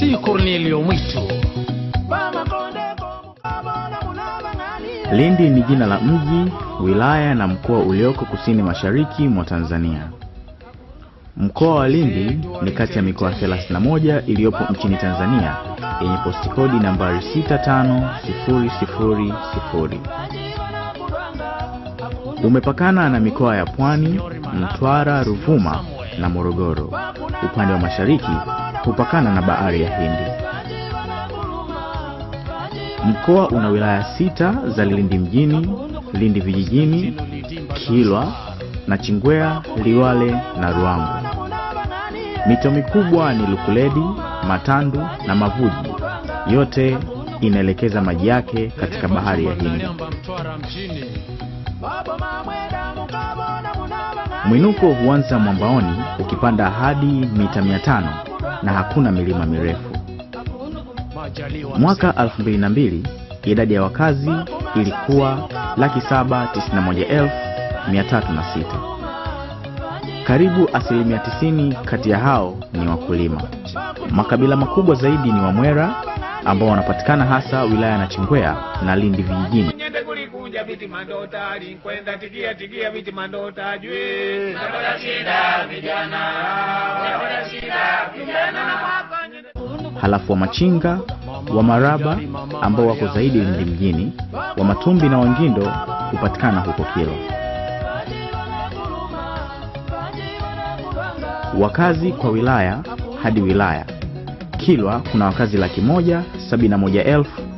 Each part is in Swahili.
mimi Cornelio Mwitu. Lindi ni jina la mji, wilaya na mkoa ulioko kusini mashariki mwa Tanzania. Mkoa wa Lindi ni kati ya mikoa 31 iliyopo nchini Tanzania yenye posti kodi nambari 65000. Umepakana na mikoa ya Pwani, Mtwara, Ruvuma na Morogoro upande wa mashariki inapopakana na bahari ya Hindi. Mkoa una wilaya sita za Lindi mjini, Lindi vijijini, Kilwa na Chingwea, Liwale na Ruangu. Mito mikubwa ni Lukuledi, Matandu na Mavuji. Yote inaelekeza maji yake katika bahari ya Hindi. Mwinuko huanza mwambaoni ukipanda hadi mita mia tano na hakuna milima mirefu. Mwaka 2002 idadi ya wakazi ilikuwa laki saba tisini na moja elfu mia tatu na sita. Karibu asilimia tisini kati ya hao ni wakulima. Makabila makubwa zaidi ni Wamwera ambao wanapatikana hasa wilaya ya Nachingwea na Lindi vijijini viti mandota, linkwenda tigia tigia viti mandota, jwe napata shida vijana, napata shida vijana. Halafu wa machinga wa maraba ambao wako zaidi Lindi mjini, matumbi na Wangindo hupatikana huko kilo Wakazi kwa wilaya hadi wilaya, Kilwa kuna wakazi laki moja sabina moja elfu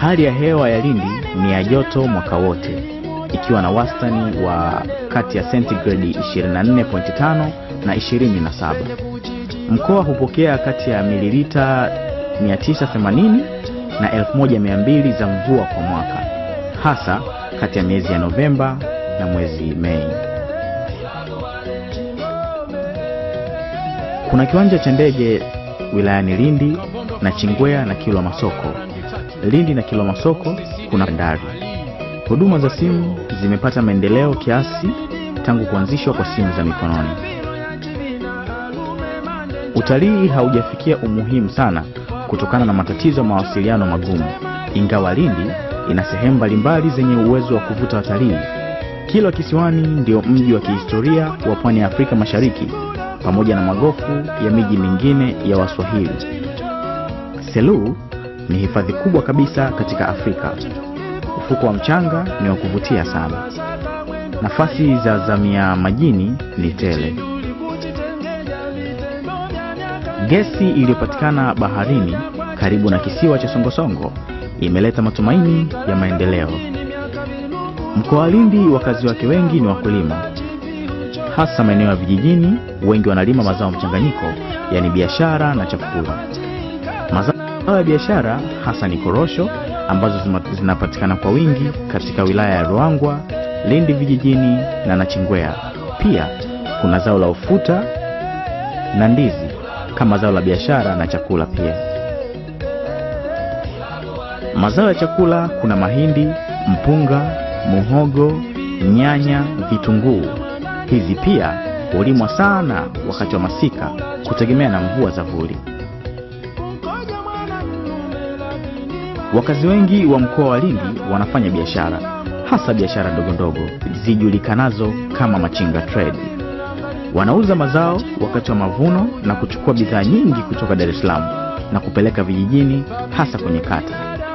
Hali ya hewa ya Lindi ni ya joto mwaka wote ikiwa na wastani wa kati ya sentigredi 24.5 na 27. Mkoa hupokea kati ya mililita 980 na 1200 za mvua kwa mwaka, hasa kati ya miezi ya Novemba na mwezi Mei. Kuna kiwanja cha ndege wilayani Lindi na Chingwea na Kilwa Masoko. Lindi na Kilwa Masoko kuna bandari. Huduma za simu zimepata maendeleo kiasi tangu kuanzishwa kwa simu za mikononi. Utalii haujafikia umuhimu sana kutokana na matatizo ya mawasiliano magumu. Ingawa Lindi ina sehemu mbalimbali zenye uwezo wa kuvuta watalii, Kilwa Kisiwani ndio mji wa kihistoria wa pwani ya Afrika Mashariki pamoja na magofu ya miji mingine ya Waswahili. selu ni hifadhi kubwa kabisa katika Afrika. Ufuko wa mchanga ni wa kuvutia sana. Nafasi za zamia majini ni tele. Gesi iliyopatikana baharini karibu na kisiwa cha Songosongo imeleta matumaini ya maendeleo. Mkoa wa Lindi, wakazi wake wengi ni wakulima, hasa maeneo ya vijijini. Wengi wanalima mazao mchanganyiko, yaani biashara na chakula. Mazao ya biashara hasa ni korosho ambazo zinapatikana kwa wingi katika wilaya ya Ruangwa, Lindi vijijini na Nachingwea. Pia kuna zao la ufuta na ndizi kama zao la biashara na chakula pia. Mazao ya chakula kuna mahindi, mpunga, muhogo, nyanya, vitunguu. Hizi pia hulimwa sana wakati wa masika kutegemea na mvua za vuli. Wakazi wengi wa mkoa wa Lindi wanafanya biashara, hasa biashara ndogo ndogo zijulikanazo kama machinga trade. Wanauza mazao wakati wa mavuno na kuchukua bidhaa nyingi kutoka Dar es Salaam na kupeleka vijijini, hasa kwenye kata